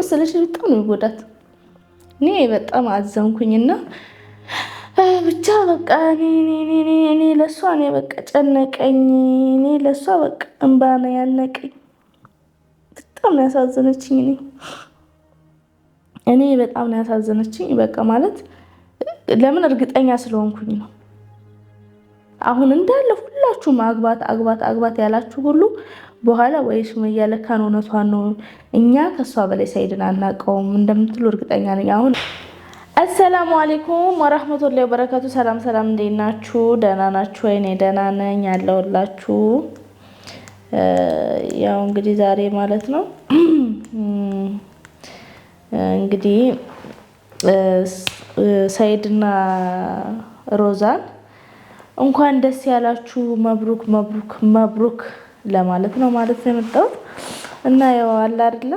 መሰለሽ በጣም ነው የሚጎዳት። እኔ በጣም አዘንኩኝና ብቻ በቃ እኔ ለእሷ እኔ በቃ ጨነቀኝ። እኔ ለእሷ በቃ እንባ ነው ያነቀኝ። በጣም ነው ያሳዘነችኝ። እኔ እኔ በጣም ነው ያሳዘነችኝ። በቃ ማለት ለምን እርግጠኛ ስለሆንኩኝ ነው። አሁን እንዳለ ሁላችሁም አግባት አግባት አግባት ያላችሁ ሁሉ በኋላ ወይ ሱመያ ለካን እውነቷን ነው፣ እኛ ከእሷ በላይ ሰይድን አናውቀውም እንደምትሉ እርግጠኛ ነኝ አሁን አሰላሙ አሌይኩም ወረህመቱላሂ ወበረካቱ። ሰላም ሰላም፣ እንዴት ናችሁ? ደህና ናችሁ? ወይኔ ደህና ነኝ ያለሁላችሁ። ያው እንግዲህ ዛሬ ማለት ነው እንግዲህ ሰኢድና ሮዛን እንኳን ደስ ያላችሁ፣ መብሩክ መብሩክ መብሩክ ለማለት ነው ማለት ነው የመጣሁት እና ያው አለ አይደለ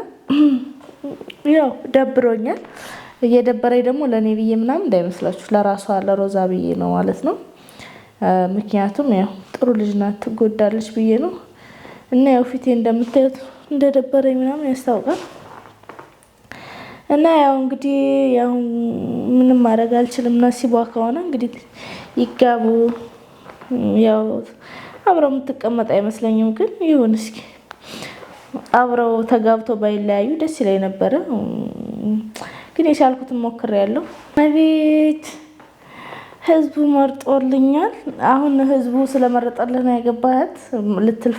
ያው ደብሮኛል። እየደበረኝ ደግሞ ለእኔ ብዬ ምናምን እንዳይመስላችሁ ለራሷ ለሮዛ ብዬ ነው ማለት ነው። ምክንያቱም ያው ጥሩ ልጅ ናት ትጎዳለች ብዬ ነው እና ያው ፊቴ እንደምታዩት እንደደበረኝ ምናምን ያስታውቃል። እና ያው እንግዲህ ያው ምንም ማድረግ አልችልም። ነሲቧ ከሆነ እንግዲህ ይጋቡ ያው አብረው የምትቀመጥ አይመስለኝም። ግን ይሁን እስኪ አብረው ተጋብተው ባይለያዩ ደስ ይላይ ነበረ። ግን የቻልኩትን ሞክሬያለሁ። አቤት ህዝቡ መርጦልኛል። አሁን ህዝቡ ስለመረጠልህ ነው ያገባህት ልትል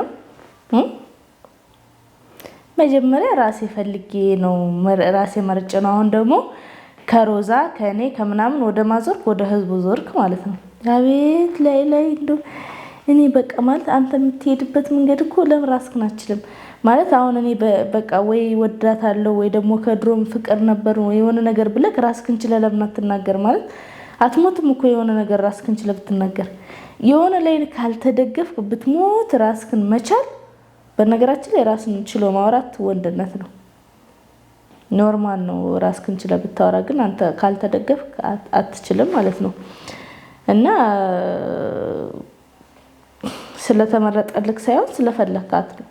ነው? መጀመሪያ ራሴ ፈልጌ ነው ራሴ መርጬ ነው። አሁን ደግሞ ከሮዛ ከእኔ ከምናምን ወደ ማዞርክ ወደ ህዝቡ ዞርክ ማለት ነው። አቤት ላይ ላይ እኔ በቃ ማለት አንተ የምትሄድበት መንገድ እኮ ለምን ራስህን አችልም ማለት አሁን እኔ በቃ ወይ ወዳት አለው ወይ ደግሞ ከድሮም ፍቅር ነበር የሆነ ነገር ብለህ ራስክን ችለህ ለምን አትናገር? ማለት አትሞትም እኮ የሆነ ነገር ራስክን ችለህ ብትናገር። የሆነ ላይ ካልተደገፍክ ብትሞት ራስክን መቻል፣ በነገራችን ላይ ራስን ችሎ ማውራት ወንድነት ነው። ኖርማል ነው ራስክን ችለህ ብታወራ። ግን አንተ ካልተደገፍክ አትችልም ማለት ነው እና ስለተመረጠልክ ሳይሆን ስለፈለካት ነው።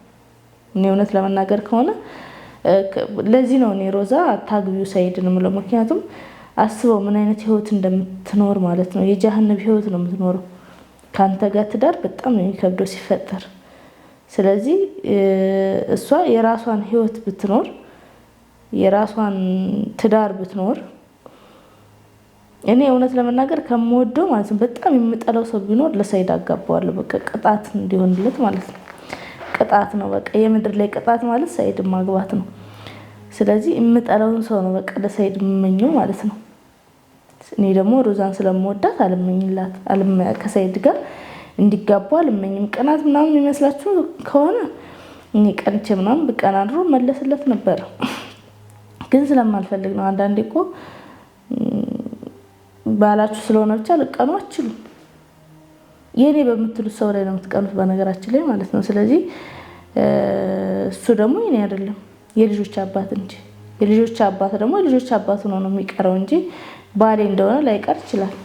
እኔ እውነት ለመናገር ከሆነ ለዚህ ነው እኔ ሮዛ አታግቢው ሰኢድን ምለው። ምክንያቱም አስበው ምን አይነት ህይወት እንደምትኖር ማለት ነው። የጀሃነብ ህይወት ነው የምትኖረው። ከአንተ ጋር ትዳር በጣም ነው የሚከብደው ሲፈጠር። ስለዚህ እሷ የራሷን ህይወት ብትኖር የራሷን ትዳር ብትኖር እኔ እውነት ለመናገር ከምወደው ማለት ነው በጣም የምጠላው ሰው ቢኖር ለሰይድ አጋባዋለሁ። በቃ ቅጣት እንዲሆንለት ማለት ነው። ቅጣት ነው በቃ የምድር ላይ ቅጣት ማለት ሰይድ ማግባት ነው። ስለዚህ የምጠላውን ሰው ነው በቃ ለሰይድ የምመኘው ማለት ነው። እኔ ደግሞ ሮዛን ስለምወዳት አልመኝላት ከሰይድ ጋር እንዲጋባ አልመኝም። ቅናት ምናምን ይመስላችሁ ከሆነ እኔ ቀንቼ ምናምን ብቀና ድሮ መለስለት ነበረ፣ ግን ስለማልፈልግ ነው። አንዳንዴ እኮ ባላችሁ ስለሆነ ብቻ ልቀኑ አችሉም። የእኔ በምትሉት ሰው ላይ ነው የምትቀኑት፣ በነገራችን ላይ ማለት ነው። ስለዚህ እሱ ደግሞ የኔ አይደለም የልጆች አባት እንጂ የልጆች አባት ደግሞ የልጆች አባት ሆኖ ነው የሚቀረው እንጂ ባሌ እንደሆነ ላይቀር ይችላል።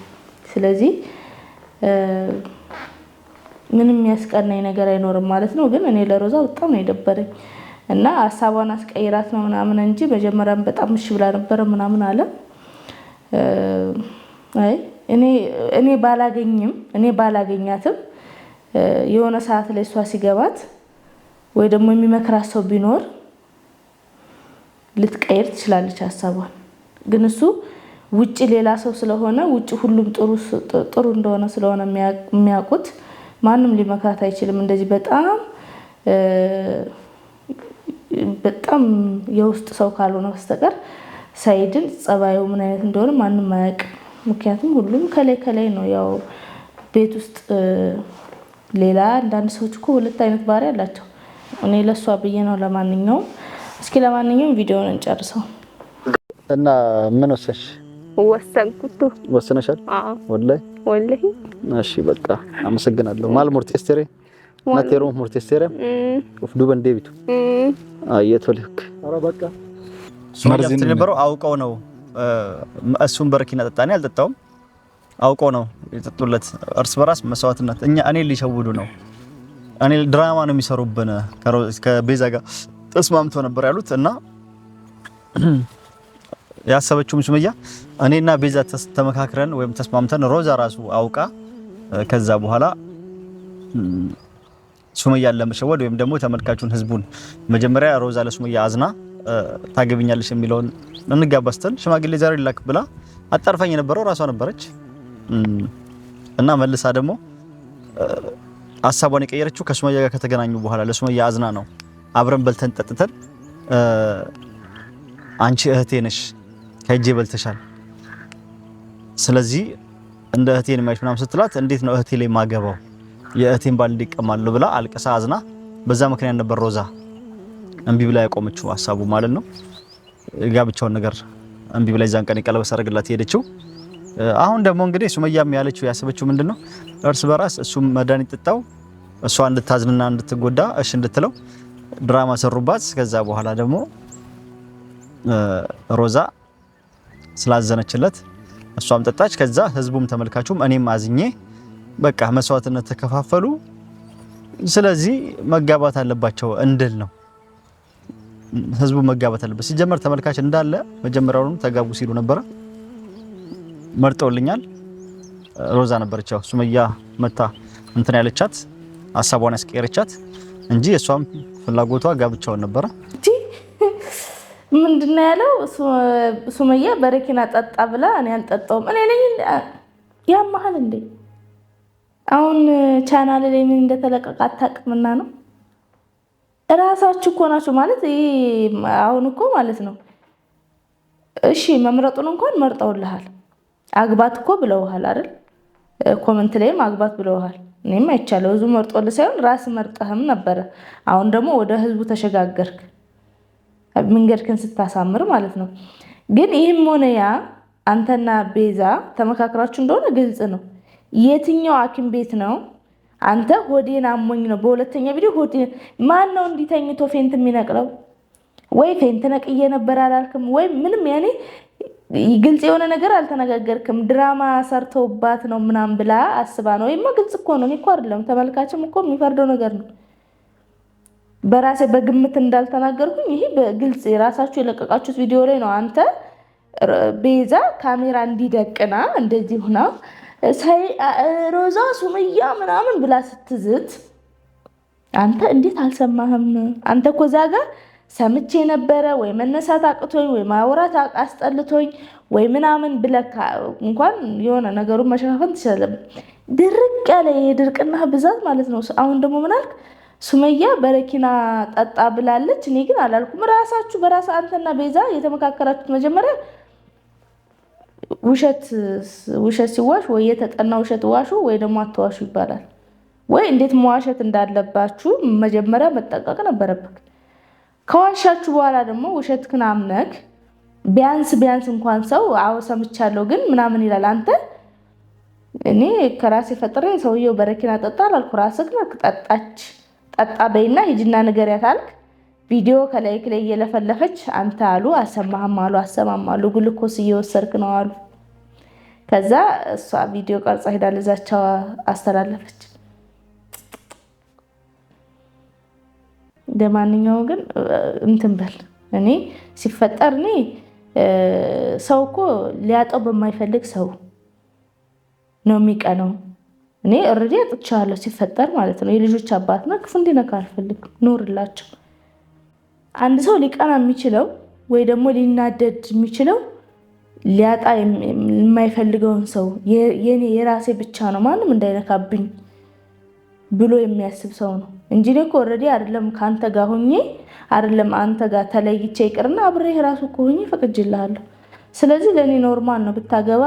ስለዚህ ምንም የሚያስቀናኝ ነገር አይኖርም ማለት ነው። ግን እኔ ለሮዛ በጣም ነው የደበረኝ እና ሀሳቧን አስቀይራት ነው ምናምን እንጂ መጀመሪያም በጣም እሺ ብላ ነበረ ምናምን አለ። እኔ ባላገኝም እኔ ባላገኛትም የሆነ ሰዓት ላይ እሷ ሲገባት ወይ ደግሞ የሚመክራት ሰው ቢኖር ልትቀይር ትችላለች ሀሳቧን። ግን እሱ ውጭ ሌላ ሰው ስለሆነ ውጭ ሁሉም ጥሩ እንደሆነ ስለሆነ የሚያውቁት ማንም ሊመክራት አይችልም። እንደዚህ በጣም በጣም የውስጥ ሰው ካልሆነ በስተቀር ሳይድን ጸባዩ ምን አይነት እንደሆነ ማንም አያውቅም። ምክንያቱም ሁሉም ከላይ ከላይ ነው። ያው ቤት ውስጥ ሌላ አንዳንድ ሰዎች እኮ ሁለት አይነት ባህሪ አላቸው። እኔ ለእሷ ብዬ ነው። ለማንኛውም እስኪ ለማንኛውም ቪዲዮውን እንጨርሰው እና ምን ወሰንሽ? ወሰንኩት። ወሰነሻል? ወላይ ወላይ። እሺ በቃ አመሰግናለሁ። ማል ሙርቴስቴሬ ናቴሮ ሙርቴስቴሬ ኡፍ ዱበን ዴቢቱ አየቶልክ አረ በቃ መርዝ ነበረው አውቀው ነው እሱን በረኪና እኔ አልጠጣውም። አውቆ ነው የጠጡለት። እርስ በራስ መስዋዕትነት እኛ እኔ ሊሸውዱ ነው እኔ ድራማ ነው የሚሰሩብን። ከቤዛ ጋር ተስማምቶ ነበር ያሉት እና ያሰበችውም ሱመያ እኔና ቤዛ ተመካክረን ወይም ተስማምተን ሮዛ ራሱ አውቃ ከዛ በኋላ ሱመያን ለመሸወድ ወይም ደግሞ ተመልካቹን ህዝቡን መጀመሪያ ሮዛ ለሱመያ አዝና ታገብኛለች የሚለውን እንጋባ ስትል ሽማግሌ ዛሬ ላክ ብላ አጣርፋኝ የነበረው ራሷ ነበረች እና መልሳ ደግሞ ሀሳቧን የቀየረችው ከሱመያ ጋር ከተገናኙ በኋላ ለሱመያ አዝና ነው። አብረን በልተን ጠጥተን አንቺ እህቴ ነሽ ከእጄ በልተሻል፣ ስለዚህ እንደ እህቴ ነው የማይሽ ምናምን ስትላት እንዴት ነው እህቴ ላይ ማገባው የእህቴን ባል እንዲቀማለሁ ብላ አልቀሳ አዝና፣ በዛ ምክንያት ነበር ሮዛ እምቢ ብላ ያቆመችው ሀሳቡ ማለት ነው። ጋብቻውን ነገር እምቢ ብላ ዛን ቀን ቀለበት አደረግላት የሄደችው። አሁን ደግሞ እንግዲህ ሱመያም ያለችው ያሰበችው ምንድነው እርስ በራስ እሱም መድኃኒት ጥጣው እሷ እንድታዝንና እንድትጎዳ እሺ እንድትለው ድራማ ሰሩባት። ከዛ በኋላ ደግሞ ሮዛ ስላዘነችለት እሷም ጠጣች። ከዛ ህዝቡም ተመልካቹም እኔም አዝኜ በቃ መስዋዕትነት ተከፋፈሉ። ስለዚህ መጋባት አለባቸው እንድል ነው ህዝቡ መጋባት አለበት። ሲጀመር ተመልካች እንዳለ መጀመሪያውኑ ተጋቡ ሲሉ ነበረ። መርጠውልኛል። ሮዛ ነበረች ያው ሱመያ መታ እንትን ያለቻት ሀሳቧን ያስቀየረቻት እንጂ እሷም ፍላጎቷ ጋብቻውን ነበረ። ምንድነው ያለው ሱመያ በረኪና ጠጣ ብላ እኔ አንጠጣውም እኔ ነኝ ያመሃል እንዴ? አሁን ቻናል ላይ ምን እንደተለቀቀ አታውቅምና ነው እራሳችሁ እኮ ናችሁ ማለት ይሄ አሁን እኮ ማለት ነው። እሺ መምረጡን እንኳን መርጠውልሃል። አግባት እኮ ብለውሃል አይደል? ኮመንት ላይም አግባት ብለውሃል። እኔም አይቻለሁ ብዙ መርጦልህ ሳይሆን ራስ መርጠህም ነበረ። አሁን ደግሞ ወደ ህዝቡ ተሸጋገርክ፣ መንገድክን ስታሳምር ማለት ነው። ግን ይህም ሆነ ያ አንተና ቤዛ ተመካክራችሁ እንደሆነ ግልጽ ነው። የትኛው ሐኪም ቤት ነው አንተ ሆዴን አሞኝ ነው። በሁለተኛ ቪዲዮ ሆዴ ማን ነው እንዲተኝቶ ፌንት የሚነቅለው? ወይ ፌንት ነቅዬ ነበር አላልክም? ወይ ምንም ያኔ ግልጽ የሆነ ነገር አልተነጋገርክም። ድራማ ሰርተውባት ነው ምናም ብላ አስባ ነው። ወይማ ግልጽ እኮ ነው። እኔ እኮ አይደለም ተመልካችም እኮ የሚፈርደው ነገር ነው። በራሴ በግምት እንዳልተናገርኩኝ ይሄ በግልጽ የራሳችሁ የለቀቃችሁት ቪዲዮ ላይ ነው። አንተ ቤዛ ካሜራ እንዲደቅና እንደዚህ ሁና ሮዛ ሱመያ ምናምን ብላ ስትዝት አንተ እንዴት አልሰማህም? አንተ እኮ እዛ ጋር ሰምቼ ነበረ ወይ መነሳት አቅቶኝ ወይ ማውራት አስጠልቶኝ ወይ ምናምን ብለህ እንኳን የሆነ ነገሩን መሸፋፈን ትችላለም። ድርቅ ያለ ይሄ ድርቅና ብዛት ማለት ነው። አሁን ደግሞ ምናልክ ሱመያ በረኪና ጠጣ ብላለች፣ እኔ ግን አላልኩም። ራሳችሁ በራስ አንተና ቤዛ የተመካከራችሁት መጀመሪያ ውሸት ውሸት ሲዋሽ ወይ የተጠና ውሸት ዋሹ ወይ ደግሞ አትዋሹ ይባላል። ወይ እንዴት መዋሸት እንዳለባችሁ መጀመሪያ መጠንቀቅ ነበረብክ። ከዋሻችሁ በኋላ ደግሞ ውሸት ክን አምነክ ቢያንስ ቢያንስ እንኳን ሰው አዎ ሰምቻለሁ ግን ምናምን ይላል። አንተ እኔ ከራሴ ፈጥሬ ሰውየው በረኪና ጠጣ አላልኩ። ራስህ ነህ ጠጣች ጠጣ በይና ሂጂና ንገሪያት አልክ። ቪዲዮ ከላይ ከላይ እየለፈለፈች አንተ አሉ አሰማህም አሉ አሰማም አሉ ግሉኮስ እየወሰድክ ነው አሉ። ከዛ እሷ ቪዲዮ ቀርጻ ሄዳ ለዛቻው አስተላለፈች። ለማንኛውም ግን እንትን በል እኔ ሲፈጠር እኔ ሰው እኮ ሊያጠው በማይፈልግ ሰው ነው የሚቀነው። እኔ እርድ አጥቻለሁ ሲፈጠር ማለት ነው። የልጆች አባት ነው። ክፉ እንዲነካ አልፈልግም። ኖርላቸው። አንድ ሰው ሊቀና የሚችለው ወይ ደግሞ ሊናደድ የሚችለው ሊያጣ የማይፈልገውን ሰው የኔ የራሴ ብቻ ነው ማንም እንዳይነካብኝ ብሎ የሚያስብ ሰው ነው እንጂ እኔ እኮ ኦልሬዲ አይደለም ከአንተ ጋር ሁኜ አይደለም አንተ ጋር ተለይቼ ይቅርና አብሬህ ራሱ እኮ ሆኜ ፈቅጅልሃለሁ። ስለዚህ ለእኔ ኖርማል ነው ብታገባ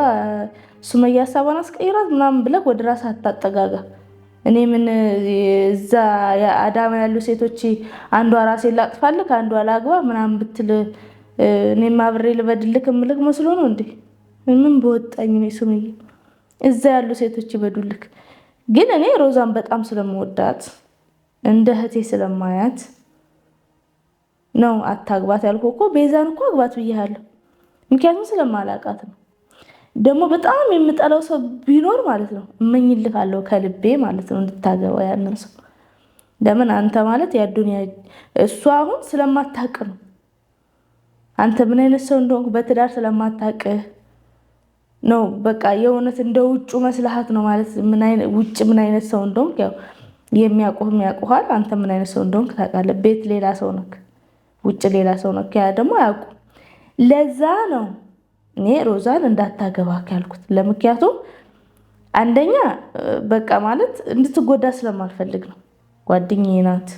ሱመያ ሀሳቧን አስቀይራት ምናምን ብለህ ወደ ራስ አታጠጋጋ። እኔ ምን እዛ አዳማ ያሉ ሴቶች አንዷ ራሴ ላጥፋለህ ከአንዷ ላግባ ምናምን ብትል እኔም አብሬ ልበድልክ እምልክ መስሎ ነው እንዴ? ምን በወጣኝ ነው ስምዬ። እዛ ያሉ ሴቶች ይበዱልክ። ግን እኔ ሮዛን በጣም ስለምወዳት እንደ እህቴ ስለማያት ነው አታግባት ያልኩ እኮ። ቤዛን እኮ አግባት ብያለሁ፣ ምክንያቱም ስለማላቃት ነው። ደግሞ በጣም የምጠላው ሰው ቢኖር ማለት ነው እመኝልካለሁ ከልቤ ማለት ነው እንድታገባ ያንን ሰው። ለምን አንተ ማለት ያዱንያ እሱ አሁን ስለማታቅ ነው አንተ ምን አይነት ሰው እንደሆንክ በትዳር ስለማታቅህ ነው። በቃ የእውነት እንደ ውጩ መስልሃት ነው ማለት ውጭ ምን አይነት ሰው እንደሆንክ ያው የሚያውቁህ የሚያውቁሃል። አንተ ምን አይነት ሰው እንደሆንክ ታውቃለህ። ቤት ሌላ ሰው ነክ፣ ውጭ ሌላ ሰው ነክ። ያ ደግሞ አያውቁም። ለዛ ነው እኔ ሮዛን እንዳታገባክ ያልኩት። ለምክንያቱም አንደኛ በቃ ማለት እንድትጎዳ ስለማልፈልግ ነው። ጓደኛዬ ናት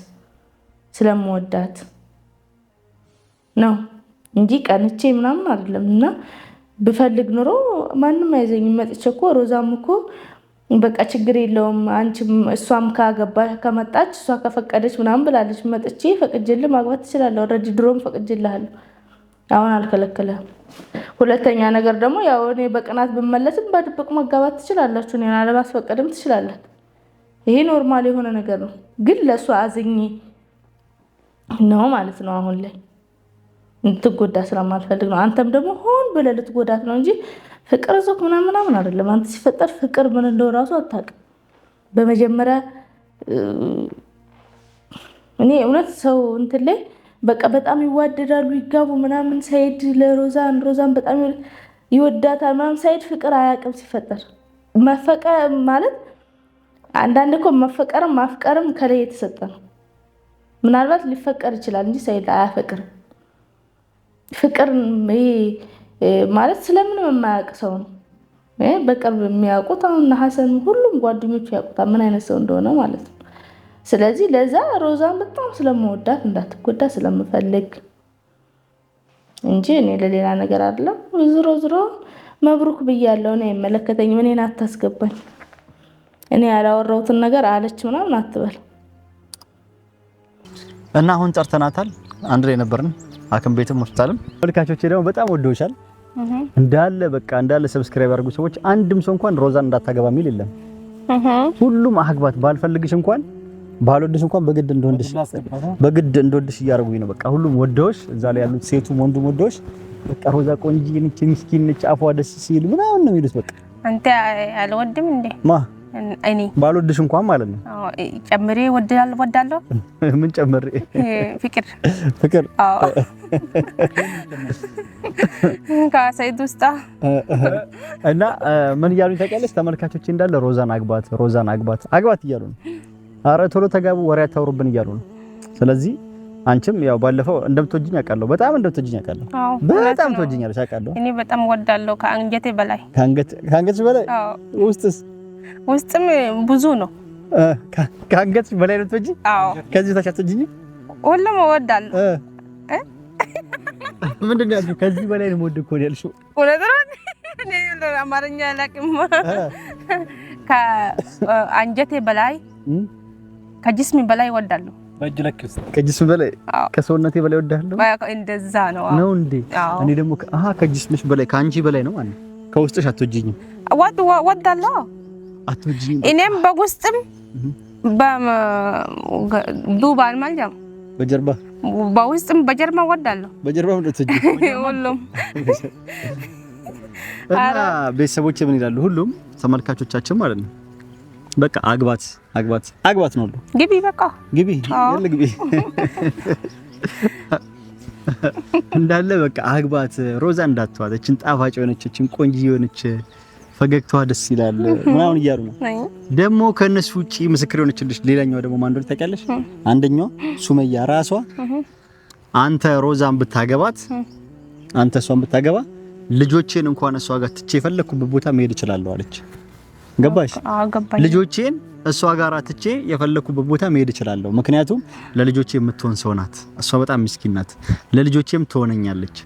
ስለምወዳት ነው። እንጂ ቀንቼ ምናምን አይደለም። እና ብፈልግ ኑሮ ማንም አይዘኝም። መጥቼ እኮ ሮዛም እኮ በቃ ችግር የለውም አንቺ እሷም ካገባ ከመጣች እሷ ከፈቀደች ምናምን ብላለች። መጥቼ ፈቅጅል ማግባት ትችላለሁ። ኦልሬዲ ድሮም ፈቅጅልሃለሁ። አሁን አልከለከለም። ሁለተኛ ነገር ደግሞ ያው እኔ በቅናት ብመለስም በድብቅ መጋባት ትችላላችሁ፣ እኔን አለማስፈቀድም ትችላላት። ይሄ ኖርማል የሆነ ነገር ነው። ግን ለእሷ አዝኜ ነው ማለት ነው አሁን ላይ እንድትጎዳ ስለማልፈልግ ነው። አንተም ደግሞ ሆን ብለህ ልትጎዳት ነው እንጂ ፍቅር እዞክ ምናምን ምናምን አይደለም። አንተ ሲፈጠር ፍቅር ምን እንደው ራሱ አታውቅም። በመጀመሪያ እኔ እውነት ሰው እንትን ላይ በቃ በጣም ይዋደዳሉ ይጋቡ ምናምን። ሳይድ ለሮዛን ሮዛን በጣም ይወዳታል ምናምን። ሳይድ ፍቅር አያውቅም ሲፈጠር መፈቀ ማለት አንዳንድ እኮ መፈቀርም ማፍቀርም ከላይ የተሰጠ ነው። ምናልባት ሊፈቀር ይችላል እንጂ ሳይድ አያፈቅርም። ፍቅር ማለት ስለምንም የማያውቅ ሰው ነው። በቅርብ የሚያውቁት አሁን ሀሰን ሁሉም ጓደኞቹ ያውቁታል ምን አይነት ሰው እንደሆነ ማለት ነው። ስለዚህ ለዛ ሮዛን በጣም ስለመወዳት እንዳትጎዳ ስለምፈልግ እንጂ እኔ ለሌላ ነገር አይደለም። ዝሮ ዝሮ መብሩክ ብያለሁ። እኔ አይመለከተኝም። እኔን አታስገባኝ። እኔ ያላወራሁትን ነገር አለች ምናምን አትበል እና አሁን ጠርተናታል። አንድ ላይ ነበርን ሐኪም ቤትም ሆስፒታልም። መልካቾቼ ደግሞ በጣም ወደውሻል እንዳለ በቃ እንዳለ ሰብስክራይብ ያድርጉ ሰዎች። አንድም ሰው እንኳን ሮዛን እንዳታገባ የሚል የለም። ሁሉም አግባት፣ ባልፈልግሽ እንኳን ባልወድሽ እንኳን በግድ እንደወድሽ በግድ እንደወድሽ እያደረጉኝ ነው። በቃ ሁሉም ወደውሽ፣ እዛ ላይ ያሉት ሴቱም ወንዱም ወደውሽ። በቃ ሮዛ ቆንጂ ነች፣ ምስኪን ነች፣ አፏ ደስ ሲል ምናምን ነው የሚሉት። በቃ አንተ አልወድም እንዴ ማ እኔ ባልወድሽ እንኳን ማለት ነው። ጨምሬ ወዳለሁ። ምን ጨምሬ? ፍቅር ፍቅር። አዎ ከሰይድ ውስጣ እና ምን እያሉኝ ታውቂያለሽ? ተመልካቾች እንዳለ ሮዛን አግባት፣ ሮዛን አግባት፣ አግባት እያሉ ነው። አረ ቶሎ ተጋቡ፣ ወሬ አታውሩብን እያሉ ነው። ስለዚህ አንቺም ያው ባለፈው እንደምትወጂኝ አውቃለሁ። በጣም እንደምትወጂኝ አውቃለሁ። በጣም ትወጂኛለሽ አውቃለሁ። እኔ በጣም ወዳለሁ ከአንገቴ በላይ ከአንገት ከአንገትሽ በላይ ውስጥስ ውስጥም ብዙ ነው። ከአንገት በላይ ነው እንጂ ከዚህ በታች አትወጂኝ። ሁሉም እወዳለሁ። ምንድን ነው ያልሽው? ከዚህ በላይ ነው የምወድ እኮ ነው ያልሽው። እውነት ነው። እኔ አማርኛ አላውቅም። ከአንጀቴ በላይ ከጅስሚ በላይ እወዳለሁ። ከጅስም በላይ ከሰውነቴ በላይ እወዳለሁ። እንደዛ ነው ነው እንዴ? እኔ ደግሞ ከጅስምሽ በላይ ከአንቺ በላይ ነው ማለት ከውስጥሽ አትወጂኝም። እወዳለሁ እኔም በውስጥም ዱባን ማለት በጀርባ በውስጥም በጀርባ ወዳለሁ። በጀርባ ሁሉም ቤተሰቦች ምን ይላሉ? ሁሉም ተመልካቾቻችን ማለት ነው። በቃ አግባት አግባት አግባት ነው። ግቢ በቃ ግቢ ያለ ግቢ እንዳለ በቃ አግባት ሮዛ እንዳትዋት፣ እችን ጣፋጭ የሆነች እችን ቆንጂ የሆነች ፈገግታዋ ደስ ይላል ምናምን እያሉ ነው። ደግሞ ከእነሱ ውጭ ምስክር የሆነችልሽ ሌላኛዋ ደግሞ ማን እንደሆነ ታውቂያለሽ? አንደኛው ሱመያ ራሷ አንተ ሮዛን ብታገባት፣ አንተ እሷን ብታገባ ልጆቼን እንኳን እሷ ጋር ትቼ የፈለኩበት ቦታ መሄድ እችላለሁ አለች። ገባሽ? ልጆቼን እሷ ጋር ትቼ የፈለኩበት ቦታ መሄድ እችላለሁ፣ ምክንያቱም ለልጆቼ የምትሆን ሰው ናት። እሷ በጣም ምስኪን ናት፣ ለልጆቼም ትሆነኛለች።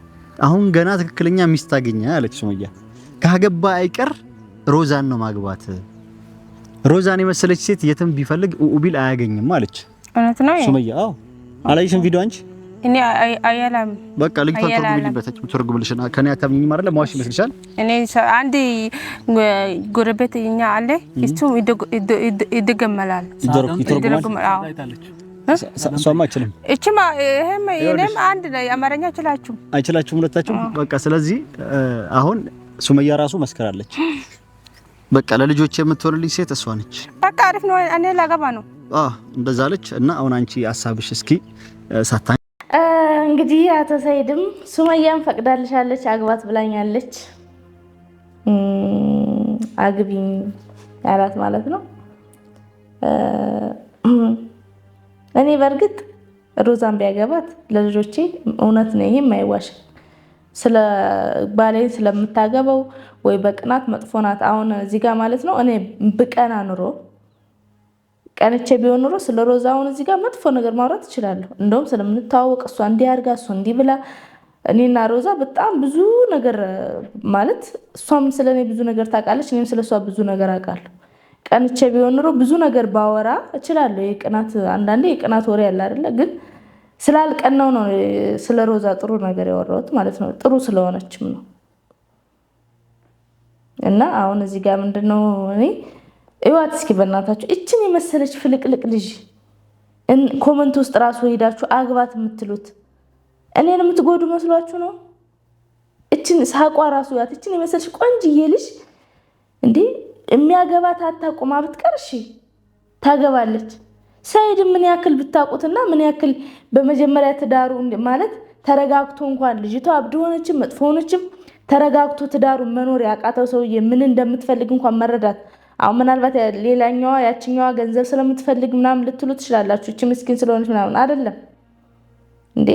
አሁን ገና ትክክለኛ ሚስት ታገኛ አለች ሱመያ ካገባ አይቀር ሮዛን ነው ማግባት። ሮዛን የመሰለች ሴት የትም ቢፈልግ ኡቢል አያገኝም አለች። እውነት ነው ሱመያ? አዎ አላየሽም ቪዲዮ አንቺ? እኔ አያላም በቃ ልጅቷ ትርጉም ልሽና ከኔ አታምኚኝም አይደለ? ማዋሽ ይመስልሻል? እኔ አንድ ጎረቤት እኛ አለ እሱ ይደገመላል ይተረጉማል። እሷም አይችልም። እቺማ ይሄም አንድ ነው። አማርኛ አይችላችሁም አይችላችሁም ሁለታችሁም። በቃ ስለዚህ አሁን ሱመያ ራሱ መስከራለች። በቃ ለልጆች የምትሆንልኝ ሴት እሷ ነች። በቃ አሪፍ ነው። እኔ ላገባ ነው። አዎ እንደዛ አለች። እና አሁን አንቺ ሀሳብሽ እስኪ ሳታ እንግዲህ አቶ ሰይድም ሱመያን ፈቅዳልሻለች፣ አግባት ብላኛለች፣ አግቢኝ ያላት ማለት ነው። እኔ በእርግጥ ሮዛን ቢያገባት ለልጆቼ እውነት ነው፣ ይሄ የማይዋሽ ስለ ባሌን ስለምታገበው ወይ በቅናት መጥፎ ናት። አሁን እዚህ ጋር ማለት ነው እኔ ብቀና ኑሮ ቀንቼ ቢሆን ኑሮ ስለ ሮዛ አሁን እዚህ ጋር መጥፎ ነገር ማውራት እችላለሁ። እንደውም ስለምንተዋወቅ እሷ እንዲህ አድርጋ እሱ እንዲህ ብላ እኔና ሮዛ በጣም ብዙ ነገር ማለት እሷም ስለ እኔ ብዙ ነገር ታውቃለች፣ እኔም ስለ እሷ ብዙ ነገር አውቃለሁ። ቀንቼ ቢሆን ኑሮ ብዙ ነገር ባወራ እችላለሁ። የቅናት አንዳንዴ የቅናት ወሬ ያለ አይደለ ግን ስላልቀናው ነው ስለ ሮዛ ጥሩ ነገር ያወራሁት ማለት ነው። ጥሩ ስለሆነችም ነው። እና አሁን እዚህ ጋር ምንድነው እኔ እዋት እስኪ በእናታችሁ እችን የመሰለች ፍልቅልቅ ልጅ ኮመንት ውስጥ እራሱ ሄዳችሁ አግባት የምትሉት እኔን የምትጎዱ መስሏችሁ ነው። እችን ሳቋ ራሱ ያት እችን የመሰለች ቆንጅዬ ልጅ እንዲህ የሚያገባት አታቁማ ብትቀር እሺ ታገባለች። ሰይድ ምን ያክል ብታውቁትና ምን ያክል በመጀመሪያ ትዳሩ ማለት ተረጋግቶ እንኳን ልጅቷ አብድ ሆነችም መጥፎ ሆነችም ተረጋግቶ ትዳሩ መኖር ያቃተው ሰውዬ ምን እንደምትፈልግ እንኳን መረዳት። አሁን ምናልባት ሌላኛዋ ያችኛዋ ገንዘብ ስለምትፈልግ ምናምን ልትሉ ትችላላችሁ። እቺ ምስኪን ስለሆነች ምናምን አይደለም። እንዴ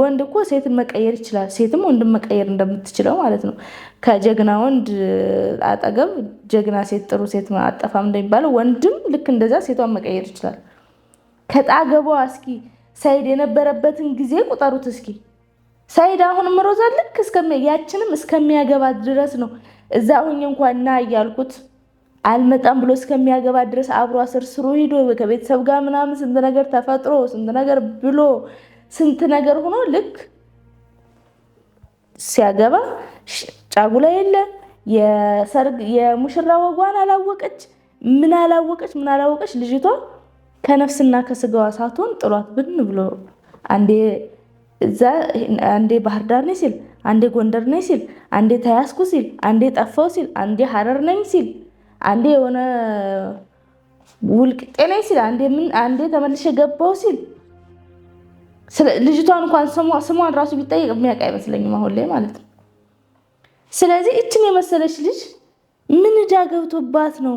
ወንድ እኮ ሴትን መቀየር ይችላል። ሴትም ወንድን መቀየር እንደምትችለው ማለት ነው። ከጀግና ወንድ አጠገብ ጀግና ሴት፣ ጥሩ ሴት አጠፋም እንደሚባለው ወንድም ልክ እንደዛ ሴቷን መቀየር ይችላል። ከጣገቧ እስኪ ሰይድ የነበረበትን ጊዜ ቁጠሩት እስኪ። ሰይድ አሁንም ሮዛ ልክ ያችንም እስከሚያገባት ድረስ ነው። እዛ ሁኝ እንኳን ና እያልኩት አልመጣም ብሎ እስከሚያገባ ድረስ አብሮ ስርስሩ ሂዶ ከቤተሰብ ጋር ምናምን ስንት ነገር ተፈጥሮ ስንት ነገር ብሎ ስንት ነገር ሆኖ ልክ ሲያገባ ጫጉላ የለ የሰርግ የሙሽራ ወጓን አላወቀች፣ ምን አላወቀች፣ ምን አላወቀች። ልጅቷ ከነፍስና ከስጋዋ ሳትሆን ጥሏት ብን ብሎ አንዴ እዛ አንዴ ባህር ዳር ነኝ ሲል፣ አንዴ ጎንደር ነኝ ሲል፣ አንዴ ተያዝኩ ሲል፣ አንዴ ጠፋው ሲል፣ አንዴ ሀረር ነኝ ሲል፣ አንዴ የሆነ ውልቅጤ ነኝ ሲል፣ አንዴ ተመልሼ ገባው ሲል ልጅቷ እንኳን ስሟን ራሱ ቢጠየቅ የሚያውቅ አይመስለኝም አሁን ላይ ማለት ነው። ስለዚህ እችን የመሰለች ልጅ ምን እዳ ገብቶባት ነው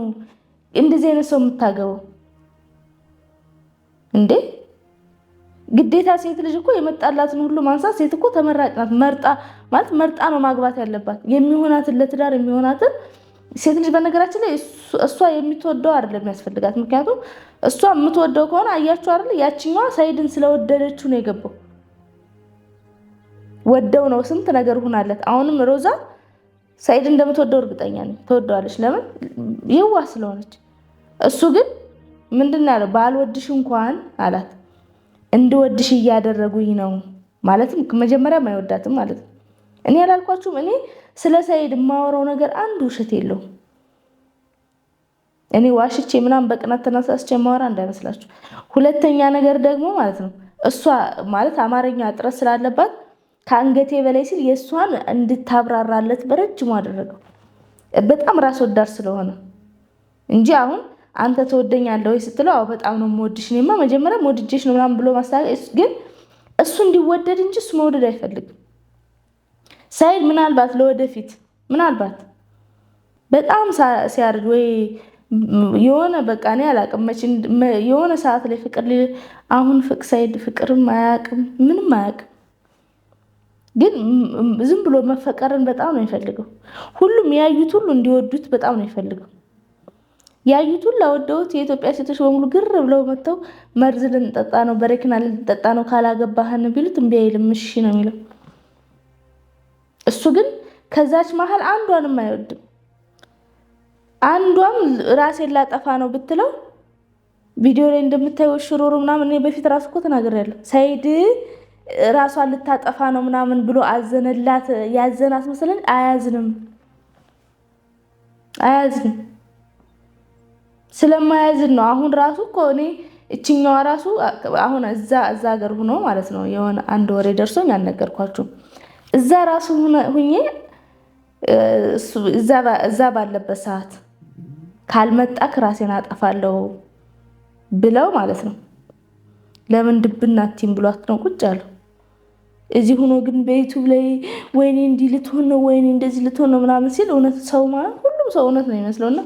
እንደዚህ አይነት ሰው የምታገበው እንዴ? ግዴታ ሴት ልጅ እኮ የመጣላትን ሁሉ ማንሳት። ሴት እኮ ተመራጭ ናት። መርጣ ማለት መርጣ ነው ማግባት ያለባት የሚሆናትን ለትዳር የሚሆናትን ሴት ልጅ በነገራችን ላይ እሷ የምትወደው አይደለም የሚያስፈልጋት። ምክንያቱም እሷ የምትወደው ከሆነ አያችሁ አይደል ያችኛዋ ሳይድን ስለወደደችው ነው የገባው። ወደው ነው ስንት ነገር ሁናለት። አሁንም ሮዛ ሳይድ እንደምትወደው እርግጠኛ ነኝ። ትወደዋለች። ለምን ይዋ ስለሆነች። እሱ ግን ምንድን ነው ያለው? ባልወድሽ እንኳን አላት እንድወድሽ እያደረጉኝ ነው። ማለትም መጀመሪያም አይወዳትም ማለት ነው። እኔ ያላልኳችሁም እኔ ስለ ሰኢድ የማወራው ነገር አንድ ውሸት የለው። እኔ ዋሽቼ ምናምን በቅናት ተነሳስቼ የማወራ እንዳይመስላችሁ። ሁለተኛ ነገር ደግሞ ማለት ነው እሷ ማለት አማርኛ እጥረት ስላለባት ከአንገቴ በላይ ሲል የእሷን እንድታብራራለት በረጅሙ አደረገው። በጣም ራስ ወዳድ ስለሆነ እንጂ አሁን አንተ ትወደኛለህ ወይ ስትለው፣ አዎ በጣም ነው የምወድሽ፣ እኔማ መጀመሪያ ወድጄሽ ነው ምናምን ብሎ ማስታወቂያ ግን እሱ እንዲወደድ እንጂ እሱ መውደድ አይፈልግም። ሳይል ምናልባት ለወደፊት ምናልባት በጣም ሲያርድ ወይ የሆነ በቃ እኔ አላቅም የሆነ ሰዓት ላይ ፍቅር አሁን ፍቅ ሳይድ ፍቅርም አያቅም ምንም አያቅም። ግን ዝም ብሎ መፈቀርን በጣም ነው የሚፈልገው። ሁሉም ያዩት ሁሉ እንዲወዱት በጣም ነው የሚፈልገው። ያዩት ሁሉ አወደውት። የኢትዮጵያ ሴቶች በሙሉ ግር ብለው መጥተው መርዝ ልንጠጣ ነው፣ በረኪና ልንጠጣ ነው፣ ካላገባህን ቢሉት እምቢ አይልም፣ እሺ ነው የሚለው። እሱ ግን ከዛች መሀል አንዷንም አይወድም። አንዷም ራሴን ላጠፋ ነው ብትለው ቪዲዮ ላይ እንደምታየው ሽሮሮ ምናምን በፊት ራሱ እኮ ተናግሬያለሁ። ሰይድ ራሷን ልታጠፋ ነው ምናምን ብሎ አዘነላት። ያዘናት መሰለኝ። አያዝንም አያዝንም ስለማያዝን ነው። አሁን ራሱ እኮ እኔ እችኛዋ ራሱ አሁን እዛ እዛ ሀገር ሁኖ ማለት ነው የሆነ አንድ ወሬ ደርሶኝ አልነገርኳችሁም። እዛ ራሱ ሁኜ እዛ ባለበት ሰዓት ካልመጣ ራሴን አጠፋለሁ ብለው ማለት ነው። ለምን ድብናቲም ብሏት ነው ቁጭ አለው። እዚህ ሆኖ ግን በዩቱብ ላይ ወይኔ እንዲህ ልትሆን ነው ወይኔ እንደዚህ ልትሆን ነው ምናምን ሲል እውነት ሰው ማለት ሁሉም ሰው እውነት ነው ይመስለው እና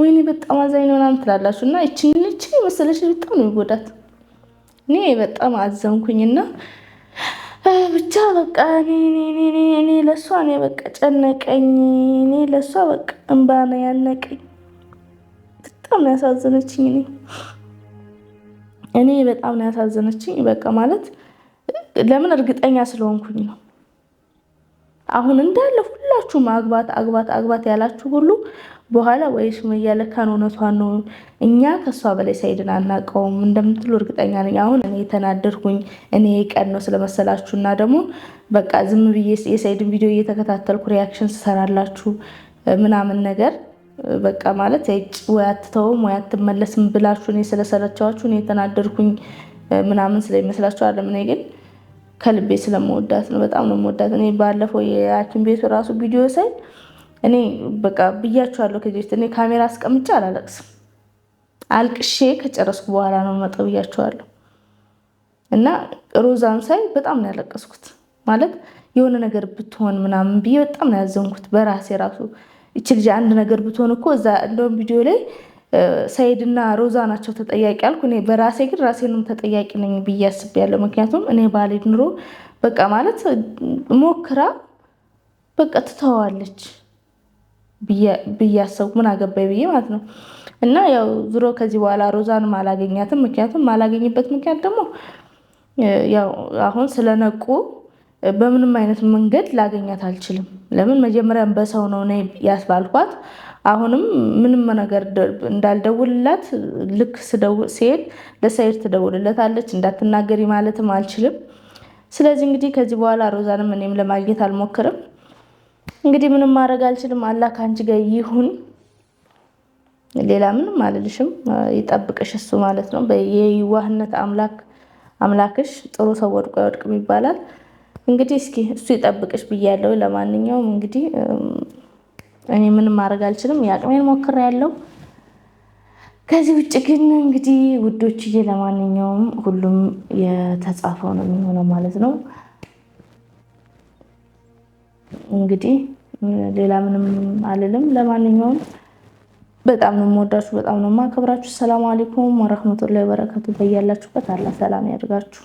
ወይኔ በጣም አዛኝ ነው ምናምን ትላላችሁ እና ይችን ልጅ የመሰለች በጣም ነው ይጎዳት። እኔ በጣም አዘንኩኝና ብቻ በቃ እኔ ለእሷ እኔ በቃ ጨነቀኝ። እኔ ለእሷ በቃ እንባ ነው ያነቀኝ። በጣም ነው ያሳዘነችኝ። እኔ እኔ በጣም ነው ያሳዘነችኝ። በቃ ማለት ለምን እርግጠኛ ስለሆንኩኝ ነው። አሁን እንዳለ ሁላችሁም አግባት አግባት አግባት ያላችሁ ሁሉ በኋላ ወይ ሱመያ ለካ እውነቷን ነው፣ እኛ ከእሷ በላይ ሰኢድን አናውቀውም እንደምትሉ እርግጠኛ ነኝ። አሁን እኔ የተናደርኩኝ እኔ ቀን ነው ስለመሰላችሁ እና ደግሞ በቃ ዝም ብዬ የሰኢድን ቪዲዮ እየተከታተልኩ ሪያክሽን ስሰራላችሁ ምናምን ነገር በቃ ማለት ወይ አትተውም ወይ አትመለስም ብላችሁ እኔ ስለሰለቻችሁ እኔ የተናደርኩኝ ምናምን ስለሚመስላችሁ አለም። እኔ ግን ከልቤ ስለመወዳት ነው፣ በጣም ነው መወዳት። እኔ ባለፈው የሐኪም ቤቱ ራሱ ቪዲዮ ሳይድ እኔ በቃ ብያችኋለሁ። ከዚህ በፊት እኔ ካሜራ አስቀምጬ አላለቅስም። አልቅሼ ከጨረስኩ በኋላ ነው መጠው ብያችኋለሁ። እና ሮዛን ሳይ በጣም ነው ያለቀስኩት። ማለት የሆነ ነገር ብትሆን ምናምን ብዬ በጣም ነው ያዘንኩት በራሴ ራሱ። ይች ልጅ አንድ ነገር ብትሆን እኮ እዛ እንደውም ቪዲዮ ላይ ሰይድና ሮዛ ናቸው ተጠያቂ አልኩ። እኔ በራሴ ግን ራሴንም ተጠያቂ ነኝ ብዬ አስቤያለሁ። ምክንያቱም እኔ ባሌድ ኑሮ በቃ ማለት ሞክራ በቃ ትተዋለች ብያሰቡ ምን አገባኝ ብዬ ማለት ነው። እና ያው ዝሮ ከዚህ በኋላ ሮዛን አላገኛትም። ምክንያቱም ማላገኝበት ምክንያት ደግሞ ያው አሁን ስለነቁ በምንም አይነት መንገድ ላገኛት አልችልም። ለምን መጀመሪያም በሰው ነው እኔ ያስባልኳት። አሁንም ምንም ነገር እንዳልደውልላት ልክ ሲሄድ ለሰይድ ትደውልለታለች። እንዳትናገሪ ማለትም አልችልም። ስለዚህ እንግዲህ ከዚህ በኋላ ሮዛንም እኔም ለማግኘት አልሞክርም። እንግዲህ ምንም ማድረግ አልችልም። አላህ ከአንቺ ጋር ይሁን። ሌላ ምንም አልልሽም። ይጠብቅሽ እሱ ማለት ነው። የዋህነት አምላክ አምላክሽ ጥሩ ሰው ወድቆ አይወድቅም ይባላል። እንግዲህ እስኪ እሱ ይጠብቅሽ ብያለሁ። ለማንኛውም እንግዲህ እኔ ምንም ማድረግ አልችልም። የአቅሜን ያለው ከዚህ ውጭ ግን እንግዲህ ውዶችዬ፣ ለማንኛውም ሁሉም የተጻፈው ነው የሚሆነው ማለት ነው። እንግዲህ ሌላ ምንም አልልም። ለማንኛውም በጣም ነው የምወዳችሁ፣ በጣም ነው የማከብራችሁ። ሰላም አለይኩም ወረህመቱላሂ ወበረከቱ። በያላችሁበት አላህ ሰላም ያድርጋችሁ።